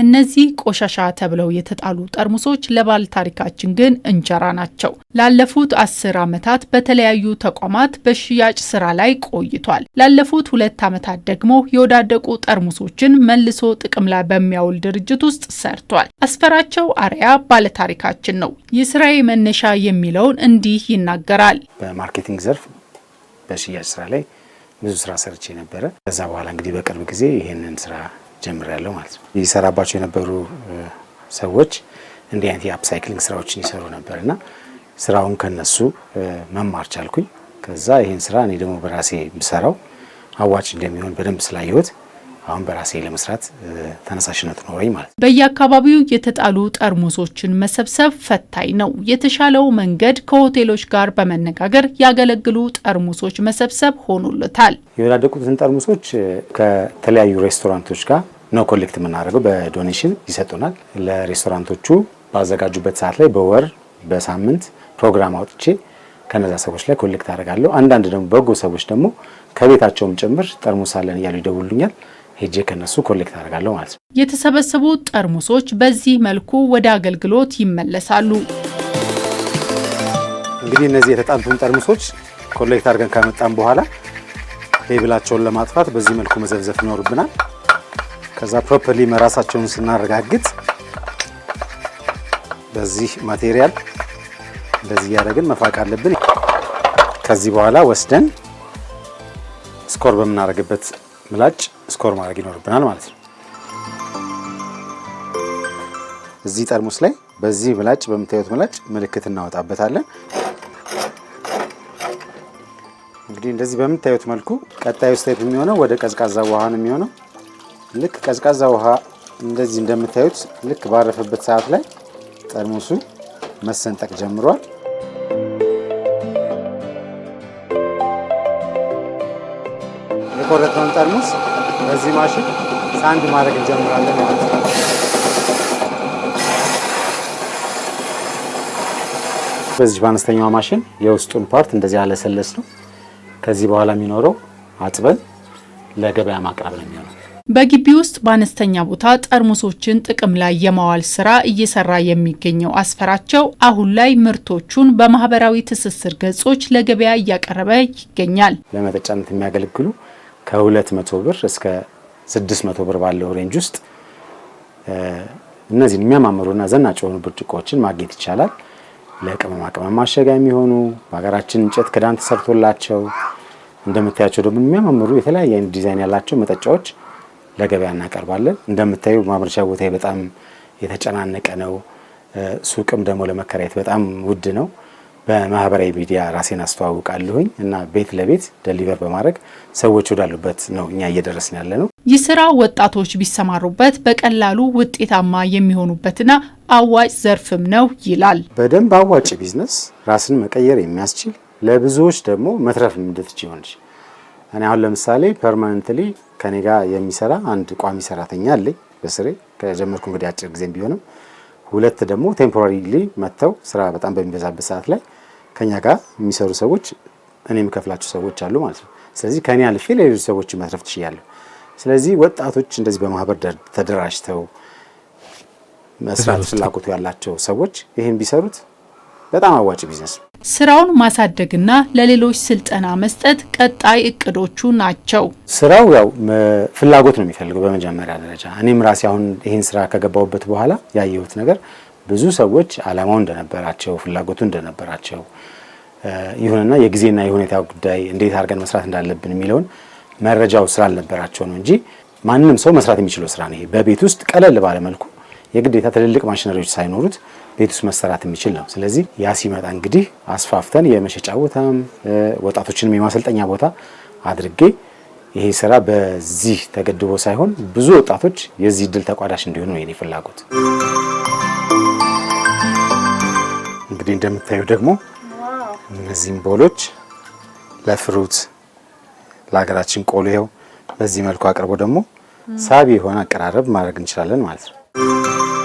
እነዚህ ቆሻሻ ተብለው የተጣሉ ጠርሙሶች ለባል ታሪካችን ግን እንጀራ ናቸው። ላለፉት አስር ዓመታት በተለያዩ ተቋማት በሽያጭ ስራ ላይ ቆይቷል። ላለፉት ሁለት ዓመታት ደግሞ የወዳደቁ ጠርሙሶችን መልሶ ጥቅም ላይ በሚያውል ድርጅት ውስጥ ሰርቷል። አስፈራቸው አርአያ ባለታሪካችን ነው። የስራዬ መነሻ የሚለውን እንዲህ ይናገራል። በማርኬቲንግ ዘርፍ በሽያጭ ስራ ላይ ብዙ ስራ ሰርቼ ነበረ። ከዛ በኋላ እንግዲህ በቅርብ ጊዜ ይህንን ስራ ጀምሬያለሁ ማለት ነው። ይሰራባቸው የነበሩ ሰዎች እንዲህ አይነት የአፕሳይክሊንግ ስራዎችን ይሰሩ ነበር እና ስራውን ከነሱ መማር ቻልኩኝ። ከዛ ይህን ስራ እኔ ደግሞ በራሴ ብሰራው አዋጭ እንደሚሆን በደንብ ስላየሁት አሁን በራሴ ለመስራት ተነሳሽነት ኖረኝ ማለት ነው። በየአካባቢው የተጣሉ ጠርሙሶችን መሰብሰብ ፈታኝ ነው። የተሻለው መንገድ ከሆቴሎች ጋር በመነጋገር ያገለግሉ ጠርሙሶች መሰብሰብ ሆኖለታል። የወዳደቁትን ጠርሙሶች ከተለያዩ ሬስቶራንቶች ጋር ነው ኮሌክት የምናደርገው። በዶኔሽን ይሰጡናል። ለሬስቶራንቶቹ ባዘጋጁበት ሰዓት ላይ በወር በሳምንት ፕሮግራም አውጥቼ ከነዛ ሰዎች ላይ ኮሌክት አደርጋለሁ። አንዳንድ ደግሞ በጎ ሰዎች ደግሞ ከቤታቸውም ጭምር ጠርሙስ አለን እያሉ ይደውሉኛል። ሄጄ ከነሱ ኮሌክት አደርጋለሁ ማለት ነው። የተሰበሰቡ ጠርሙሶች በዚህ መልኩ ወደ አገልግሎት ይመለሳሉ። እንግዲህ እነዚህ የተጣሉትን ጠርሙሶች ኮሌክት አድርገን ካመጣን በኋላ ሌብላቸውን ለማጥፋት በዚህ መልኩ መዘፍዘፍ ይኖርብናል። ከዛ ፕሮፐርሊ መራሳቸውን ስናረጋግጥ በዚህ ማቴሪያል እንደዚህ እያደረግን መፋቅ አለብን። ከዚህ በኋላ ወስደን ስኮር በምናደርግበት ምላጭ ስኮር ማድረግ ይኖርብናል ማለት ነው። እዚህ ጠርሙስ ላይ በዚህ ምላጭ በምታዩት ምላጭ ምልክት እናወጣበታለን። እንግዲህ እንደዚህ በምታዩት መልኩ ቀጣዩ ስቴፕ የሚሆነው ወደ ቀዝቃዛ ውሃ ነው የሚሆነው። ልክ ቀዝቃዛ ውሃ እንደዚህ እንደምታዩት ልክ ባረፈበት ሰዓት ላይ ጠርሙሱ መሰንጠቅ ጀምሯል። የቆረጥነውን ጠርሙስ በዚህ ማሽን ሳንድ ማድረግ እንጀምራለን ማለት ነው። በዚህ በአነስተኛዋ ማሽን የውስጡን ፓርት እንደዚህ አለሰለስ ነው። ከዚህ በኋላ የሚኖረው አጥበን ለገበያ ማቅረብ ነው የሚሆነው። በግቢ ውስጥ በአነስተኛ ቦታ ጠርሙሶችን ጥቅም ላይ የማዋል ስራ እየሰራ የሚገኘው አስፈራቸው አሁን ላይ ምርቶቹን በማህበራዊ ትስስር ገጾች ለገበያ እያቀረበ ይገኛል። ለመጠጫነት የሚያገለግሉ ከ200 ብር እስከ 600 ብር ባለው ሬንጅ ውስጥ እነዚህን የሚያማምሩና ዘናጭ የሆኑ ብርጭቆዎችን ማግኘት ይቻላል። ለቅመማ ቅመም ማሸጋ የሚሆኑ በሀገራችን እንጨት ክዳን ተሰርቶላቸው እንደምታያቸው ደግሞ የሚያማምሩ የተለያየ አይነት ዲዛይን ያላቸው መጠጫዎች ለገበያ እናቀርባለን። እንደምታዩ ማምረቻ ቦታ በጣም የተጨናነቀ ነው። ሱቅም ደግሞ ለመከራየት በጣም ውድ ነው። በማህበራዊ ሚዲያ ራሴን አስተዋውቃለሁኝ እና ቤት ለቤት ደሊቨር በማድረግ ሰዎች ወዳሉበት ነው እኛ እየደረስን ያለ ነው። ይህ ስራ ወጣቶች ቢሰማሩበት በቀላሉ ውጤታማ የሚሆኑበትና አዋጭ ዘርፍም ነው ይላል። በደንብ አዋጭ ቢዝነስ፣ ራስን መቀየር የሚያስችል ለብዙዎች ደግሞ መትረፍ እንደትች ይሆንች። እኔ አሁን ለምሳሌ ፐርማነንትሊ ከኔ ጋር የሚሰራ አንድ ቋሚ ሰራተኛ አለኝ በስሬ ከጀመርኩ እንግዲህ አጭር ጊዜም ቢሆንም ሁለት ደግሞ ቴምፖራሪሊ መጥተው ስራ በጣም በሚበዛበት ሰዓት ላይ ከኛ ጋር የሚሰሩ ሰዎች እኔ የምከፍላቸው ሰዎች አሉ ማለት ነው። ስለዚህ ከኔ አልፌ ለሌሎች ሰዎች መትረፍ ትችያለሁ። ስለዚህ ወጣቶች እንደዚህ በማህበር ተደራጅተው መስራት ፍላጎቱ ያላቸው ሰዎች ይህን ቢሰሩት በጣም አዋጭ ቢዝነስ ነው። ስራውን ማሳደግና ለሌሎች ስልጠና መስጠት ቀጣይ እቅዶቹ ናቸው። ስራው ያው ፍላጎት ነው የሚፈልገው በመጀመሪያ ደረጃ። እኔም ራሴ አሁን ይህን ስራ ከገባሁበት በኋላ ያየሁት ነገር ብዙ ሰዎች አላማው እንደነበራቸው ፍላጎቱ እንደነበራቸው ይሁንና የጊዜና የሁኔታ ጉዳይ እንዴት አድርገን መስራት እንዳለብን የሚለውን መረጃው ስላልነበራቸው ነው እንጂ ማንም ሰው መስራት የሚችለው ስራ ነው ይሄ። በቤት ውስጥ ቀለል ባለ መልኩ የግዴታ ትልልቅ ማሽነሪዎች ሳይኖሩት ቤት ውስጥ መሰራት የሚችል ነው። ስለዚህ ያ ሲመጣ እንግዲህ አስፋፍተን የመሸጫ ቦታም ወጣቶችንም የማሰልጠኛ ቦታ አድርጌ ይሄ ስራ በዚህ ተገድቦ ሳይሆን ብዙ ወጣቶች የዚህ እድል ተቋዳሽ እንዲሆኑ ነው የኔ ፍላጎት። እንግዲህ እንደምታዩ ደግሞ እነዚህም ቦሎች ለፍሩት ለሀገራችን ቆሎ ይኸው በዚህ መልኩ አቅርቦ ደግሞ ሳቢ የሆነ አቀራረብ ማድረግ እንችላለን ማለት ነው።